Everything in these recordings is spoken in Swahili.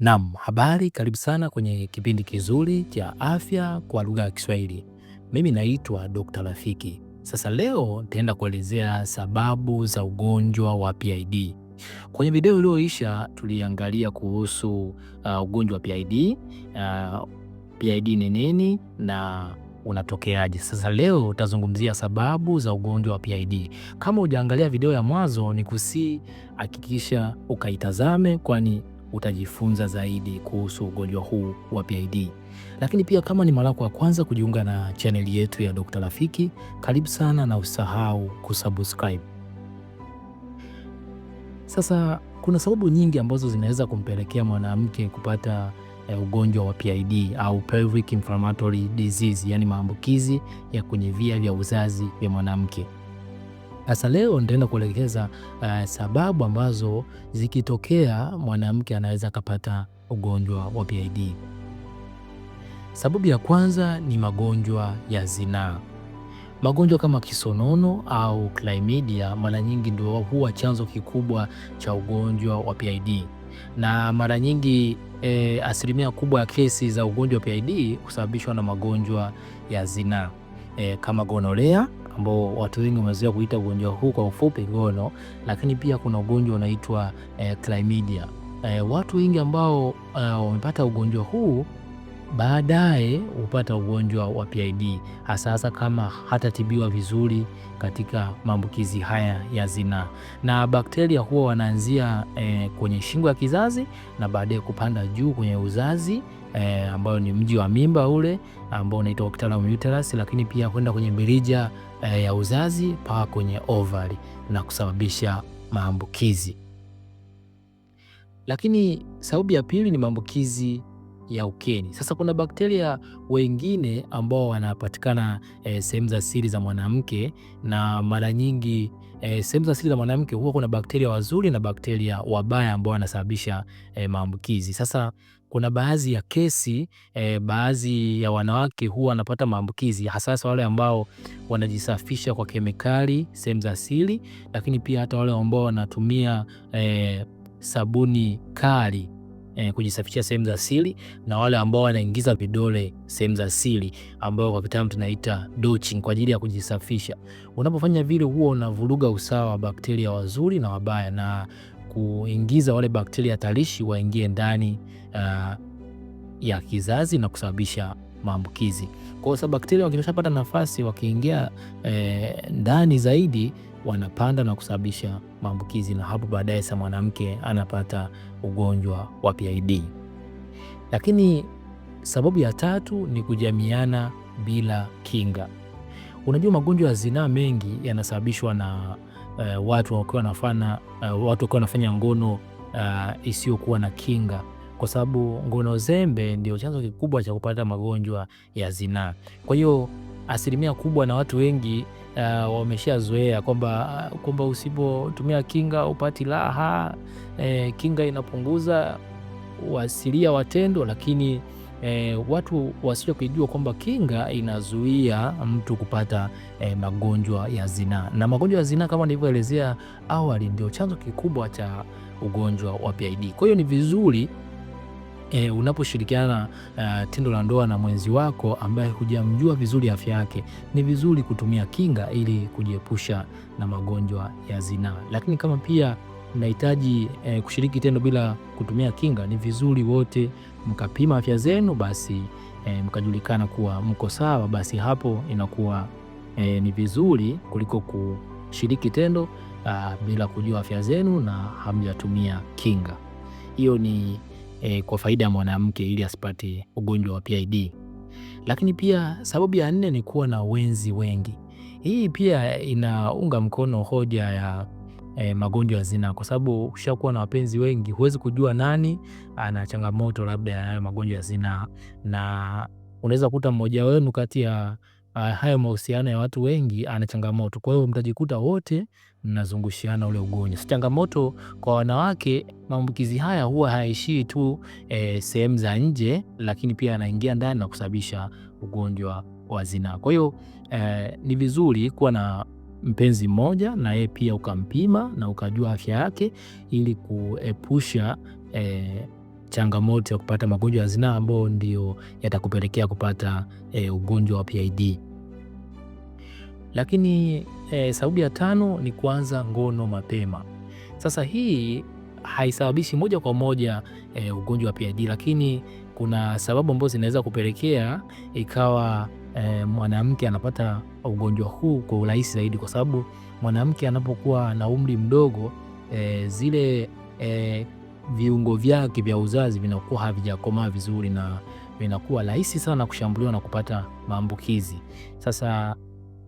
Nam, habari, karibu sana kwenye kipindi kizuri cha afya kwa lugha ya Kiswahili. Mimi naitwa Dr. Rafiki. Sasa leo nitaenda kuelezea sababu za ugonjwa wa PID. Kwenye video iliyoisha tuliangalia kuhusu uh, ugonjwa wa PID. Uh, PID ni nini na unatokeaje? Sasa leo utazungumzia sababu za ugonjwa wa PID. Kama hujaangalia video ya mwanzo, ni kusi hakikisha ukaitazame kwani utajifunza zaidi kuhusu ugonjwa huu wa PID. Lakini pia kama ni mara yako ya kwanza kujiunga na chaneli yetu ya Dokta Rafiki, karibu sana na usahau kusubscribe. Sasa kuna sababu nyingi ambazo zinaweza kumpelekea mwanamke kupata eh, ugonjwa wa PID au pelvic inflammatory disease, yaani maambukizi ya kwenye via vya uzazi vya mwanamke. Sasa leo nitaenda kuelekeza uh, sababu ambazo zikitokea mwanamke anaweza akapata ugonjwa wa PID. Sababu ya kwanza ni magonjwa ya zinaa. Magonjwa kama kisonono au chlamydia mara nyingi ndio huwa chanzo kikubwa cha ugonjwa wa PID, na mara nyingi e, asilimia kubwa ya kesi za ugonjwa wa PID husababishwa na magonjwa ya zinaa e, kama gonorea ambao watu wengi wamezoea kuita ugonjwa huu kwa ufupi ngono, lakini pia kuna ugonjwa unaitwa eh, chlamydia. Eh, watu wengi ambao eh, wamepata uh, ugonjwa huu baadaye hupata ugonjwa wa PID hasa hasa kama hatatibiwa vizuri katika maambukizi haya ya zinaa. Na bakteria huwa wanaanzia e, kwenye shingo ya kizazi na baadaye kupanda juu kwenye uzazi e, eh, ambayo ni mji wa mimba ule ambao unaitwa kwa kitaalamu uterus, lakini pia kwenda kwenye mirija e, ya uzazi mpaka kwenye ovari na kusababisha maambukizi. Lakini sababu ya pili ni maambukizi ya ukeni. Sasa kuna bakteria wengine ambao wanapatikana e, sehemu za siri za mwanamke na mara nyingi e, sehemu za siri za mwanamke huwa kuna bakteria wazuri na bakteria wabaya ambao wanasababisha e, maambukizi. Sasa kuna baadhi ya kesi e, baadhi ya wanawake huwa wanapata maambukizi hasa wale ambao wanajisafisha kwa kemikali sehemu za siri, lakini pia hata wale ambao wanatumia e, sabuni kali eh, kujisafishia sehemu za siri na wale ambao wanaingiza vidole sehemu za siri ambao kwa kitaalamu tunaita docking kwa ajili ya kujisafisha. Unapofanya vile, huwa unavuruga usawa wa bakteria wazuri na wabaya na kuingiza wale bakteria hatarishi waingie ndani uh, ya kizazi na kusababisha maambukizi. Kwa sababu bakteria wakishapata nafasi wakiingia eh, ndani zaidi wanapanda na kusababisha maambukizi, na hapo baadaye sa mwanamke anapata ugonjwa wa PID. Lakini sababu ya tatu ni kujamiana bila kinga. Unajua, magonjwa ya zinaa mengi yanasababishwa na uh, watu wakiwa wanafanya uh, eh, watu wakiwa wanafanya ngono uh, isiyokuwa na kinga, kwa sababu ngono zembe ndio chanzo kikubwa cha kupata magonjwa ya zinaa. Kwa hiyo asilimia kubwa na watu wengi uh, wameshazoea kwamba eh, kwamba usipotumia kinga upati raha. Eh, kinga inapunguza uasilia watendo, lakini e, watu wasio kujua kwamba kinga inazuia mtu kupata e, magonjwa ya zinaa, na magonjwa ya zinaa kama nilivyoelezea awali ndio chanzo kikubwa cha ugonjwa wa PID. Kwa hiyo ni vizuri e, unaposhirikiana na uh, eh, tendo la ndoa na mwenzi wako ambaye hujamjua vizuri afya yake, ni vizuri kutumia kinga ili kujiepusha na magonjwa ya zinaa. Lakini kama pia nahitaji e, eh, kushiriki tendo bila kutumia kinga, ni vizuri wote mkapima afya zenu, basi e, mkajulikana kuwa mko sawa, basi hapo inakuwa e, ni vizuri kuliko kushiriki tendo a, ah, bila kujua afya zenu na hamjatumia kinga. Hiyo ni e, kwa faida ya mwanamke ili asipate ugonjwa wa PID. Lakini pia sababu ya nne ni kuwa na wenzi wengi. Hii pia inaunga mkono hoja ya e, magonjwa ya zinaa, kwa sababu kuwa na wapenzi wengi huwezi kujua nani ana changamoto labda ya magonjwa ya zinaa, na unaweza kuta mmoja wenu kati ya uh, hayo mahusiano ya watu wengi ana changamoto. Kwa hiyo mtajikuta wote mnazungushiana ule ugonjwa. Changamoto kwa wanawake, maambukizi haya huwa hayaishii tu e, sehemu za nje, lakini pia yanaingia ndani na kusababisha ugonjwa wa zinaa. Kwa hiyo e, ni vizuri kuwa na mpenzi mmoja na yeye pia ukampima na ukajua afya yake ili kuepusha e, changamoto ya kupata magonjwa ya zinaa ambayo ndio yatakupelekea kupata e, ugonjwa wa PID. Lakini e, sababu ya tano ni kuanza ngono mapema. Sasa hii haisababishi moja kwa moja e, ugonjwa wa PID, lakini kuna sababu ambazo zinaweza kupelekea ikawa e, mwanamke anapata ugonjwa huu kwa urahisi zaidi, kwa sababu mwanamke anapokuwa na umri mdogo e, zile e, viungo vyake vya uzazi vinakuwa havijakomaa vizuri na vinakuwa rahisi sana kushambuliwa na kupata maambukizi. Sasa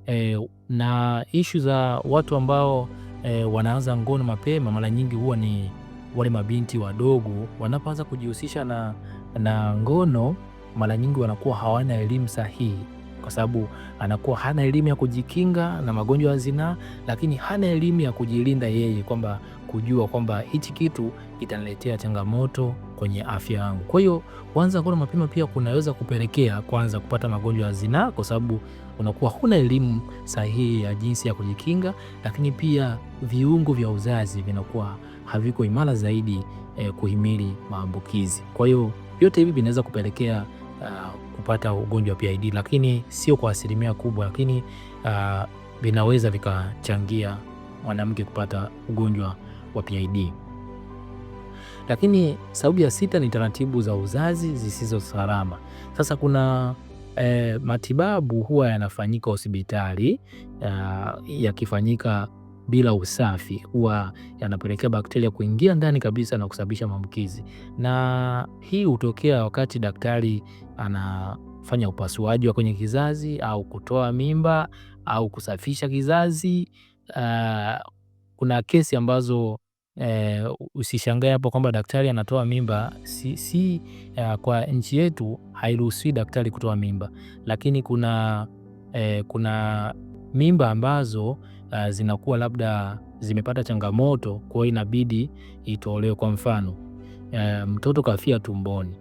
e, na ishu za watu ambao e, wanaanza ngono mapema mara nyingi huwa ni wale mabinti wadogo wanapoanza kujihusisha na, na ngono mara nyingi wanakuwa hawana elimu sahihi, kwa sababu anakuwa hana elimu ya kujikinga na magonjwa ya zinaa, lakini hana elimu ya kujilinda yeye, kwamba kujua kwamba hichi kitu kitaniletea changamoto kwenye afya yangu. Kwa hiyo kuanza ngono mapema pia kunaweza kupelekea kwanza kupata magonjwa ya zinaa, kwa sababu unakuwa huna elimu sahihi ya jinsi ya kujikinga, lakini pia viungo vya uzazi vinakuwa haviko imara zaidi eh, kuhimili maambukizi. Kwa hiyo vyote hivi vinaweza kupelekea uh, kupata ugonjwa wa PID, lakini sio kwa asilimia kubwa, lakini uh, vinaweza vikachangia mwanamke kupata ugonjwa wa PID. Lakini sababu ya sita ni taratibu za uzazi zisizo salama. Sasa kuna E, matibabu huwa yanafanyika hospitali ya, eh, yakifanyika bila usafi huwa yanapelekea bakteria kuingia ndani kabisa na kusababisha maambukizi, na hii hutokea wakati daktari anafanya upasuaji wa kwenye kizazi au kutoa mimba au kusafisha kizazi. Uh, kuna kesi ambazo Eh, usishangae hapo kwamba daktari anatoa mimba si, si eh, kwa nchi yetu hairuhusiwi daktari kutoa mimba, lakini kuna eh, kuna mimba ambazo eh, zinakuwa labda zimepata changamoto, kwa hiyo inabidi itolewe. Kwa mfano eh, mtoto kafia tumboni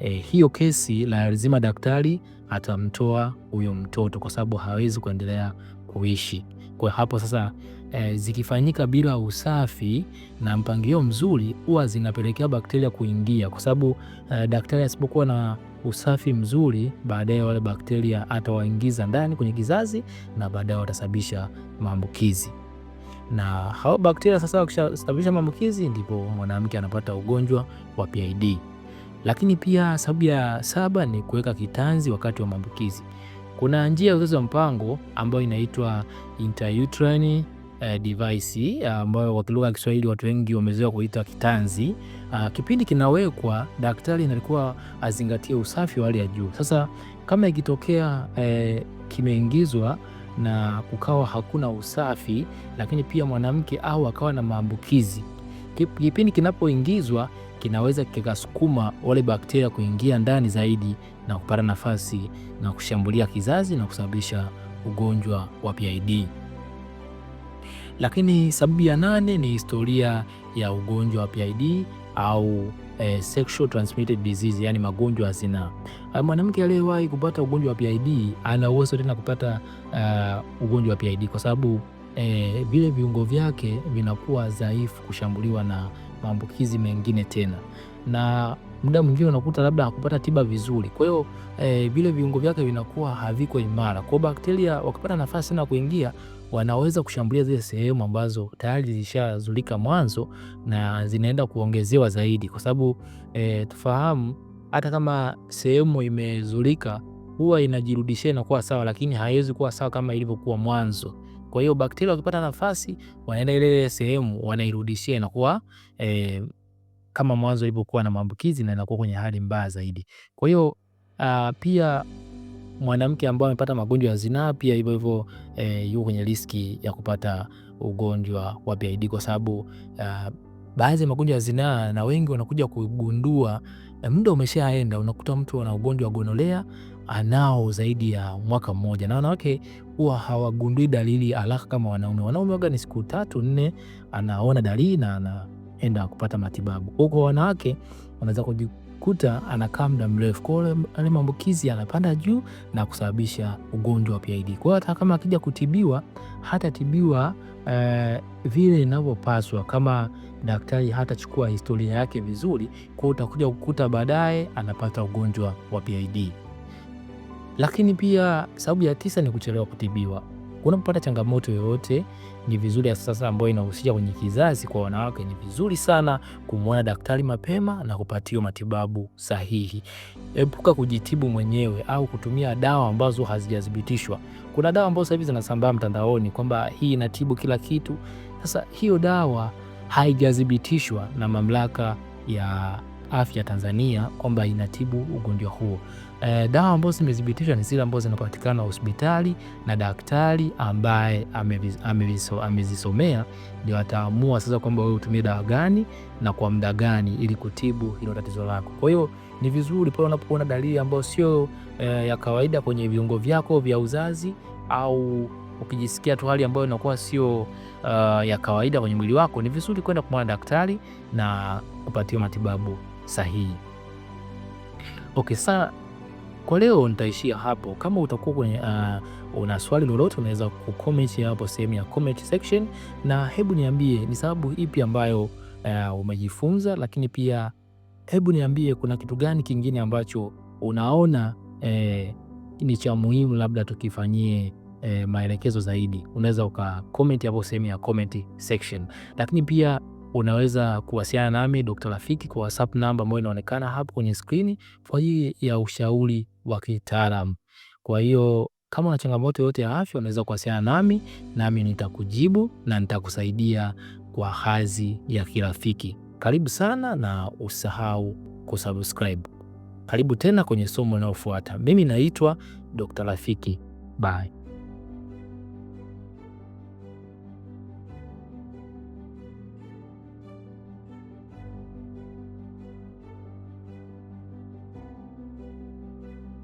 eh, hiyo kesi lazima daktari atamtoa huyo mtoto kwa sababu hawezi kuendelea kuishi. Kwa hapo sasa e, zikifanyika bila usafi na mpangilio mzuri huwa zinapelekea bakteria kuingia, kwa sababu e, daktari asipokuwa na usafi mzuri, baadaye wale bakteria atawaingiza ndani kwenye kizazi na baadaye watasababisha maambukizi na hao bakteria sasa wakishasababisha maambukizi, ndipo mwanamke anapata ugonjwa wa PID. Lakini pia sababu ya saba ni kuweka kitanzi wakati wa maambukizi. Kuna njia ya uzazi wa mpango ambayo inaitwa intrauterine uh, device ambayo kwa lugha ya Kiswahili watu wengi wamezoea kuita kitanzi. Uh, kipindi kinawekwa, daktari alikuwa azingatie usafi wa hali ya juu. Sasa kama ikitokea uh, kimeingizwa na kukawa hakuna usafi, lakini pia mwanamke au akawa na maambukizi, kipindi kinapoingizwa kinaweza kikasukuma wale bakteria kuingia ndani zaidi na kupata nafasi na kushambulia kizazi na kusababisha ugonjwa wa PID. Lakini sababu ya nane ni historia ya ugonjwa wa PID au eh, sexual transmitted disease, yani magonjwa ya zinaa. Ah, mwanamke aliyewahi kupata ugonjwa wa PID ana uwezo tena kupata uh, ugonjwa wa PID kwa sababu eh, vile viungo vyake vinakuwa dhaifu kushambuliwa na maambukizi mengine tena, na muda mwingine unakuta labda hakupata tiba vizuri, kwa hiyo e, vile viungo vyake vinakuwa haviko imara, kwa bakteria wakipata nafasi na kuingia wanaweza kushambulia zile sehemu ambazo tayari zilishazulika mwanzo na zinaenda kuongezewa zaidi, kwa sababu e, tufahamu hata kama sehemu imezulika huwa inajirudishia inakuwa sawa, lakini haiwezi kuwa sawa kama ilivyokuwa mwanzo. Kwa hiyo bakteria wakipata nafasi wanaenda ile ile sehemu wanairudishia, inakuwa e, kama mwanzo ilipokuwa na maambukizi na inakuwa kwenye hali mbaya zaidi. Kwa hiyo uh, pia mwanamke ambaye amepata magonjwa ya zinaa pia hivyo hivyo e, yuko kwenye riski ya kupata ugonjwa wa PID kwa sababu uh, baadhi ya magonjwa ya zinaa na wengi wanakuja kugundua muda umeshaenda, unakuta mtu ana ugonjwa wa gonolea anao zaidi ya mwaka mmoja, na wanawake huwa hawagundui dalili haraka kama wanaume. Wanaume waga ni siku tatu nne anaona dalili na anaenda kupata matibabu. Huko wanawake wanaweza kujikuta anakaa muda mrefu, kwa hiyo maambukizi anapanda juu na kusababisha ugonjwa wa PID. Kwa hiyo hata kama akija kutibiwa hatatibiwa eh, vile inavyopaswa kama daktari hatachukua historia yake vizuri, kwa utakuja kukuta baadaye anapata ugonjwa wa PID. Lakini pia sababu ya tisa ni kuchelewa kutibiwa. Unapopata changamoto yoyote, ni vizuri ya sasa, ambayo inahusisha kwenye kizazi kwa wanawake, ni vizuri sana kumwona daktari mapema na kupatiwa matibabu sahihi. Epuka kujitibu mwenyewe au kutumia dawa ambazo hazijathibitishwa. Kuna dawa ambazo sasa hivi zinasambaa mtandaoni kwamba hii inatibu kila kitu. Sasa hiyo dawa haijathibitishwa na mamlaka ya afya Tanzania kwamba inatibu ugonjwa huo. E, dawa ambazo zimethibitishwa ni zile ambazo zinapatikana hospitali na daktari ambaye amezisomea, ndio ataamua sasa kwamba wewe utumie dawa gani na kwa muda gani ili kutibu hilo tatizo lako. Kwa hiyo ni vizuri pale unapoona dalili ambayo sio e, ya kawaida kwenye viungo vyako vya uzazi au ukijisikia tu hali ambayo inakuwa sio uh, ya kawaida kwenye mwili wako, ni vizuri kwenda kumwona daktari na kupatiwa matibabu sahihi. Okay, sasa kwa leo nitaishia hapo. Kama utakuwa kwenye uh, una swali lolote, unaweza kucomment hapo sehemu ya comment section, na hebu niambie ni sababu ipi ambayo uh, umejifunza, lakini pia hebu niambie kuna kitu gani kingine ambacho unaona eh, ni cha muhimu labda tukifanyie e, maelekezo zaidi, unaweza uka comment hapo sehemu ya comment section, lakini pia unaweza kuwasiliana nami Dr. Rafiki kwa WhatsApp namba ambayo inaonekana hapo kwenye screen kwa ajili ya ushauri wa kitaalamu. Kwa hiyo kama una changamoto yoyote ya afya, unaweza kuwasiliana nami nami nitakujibu na nitakusaidia kwa hadhi ya kirafiki. Karibu sana na usahau kusubscribe. Karibu tena kwenye somo linalofuata. Mimi naitwa Dr. Rafiki. Bye.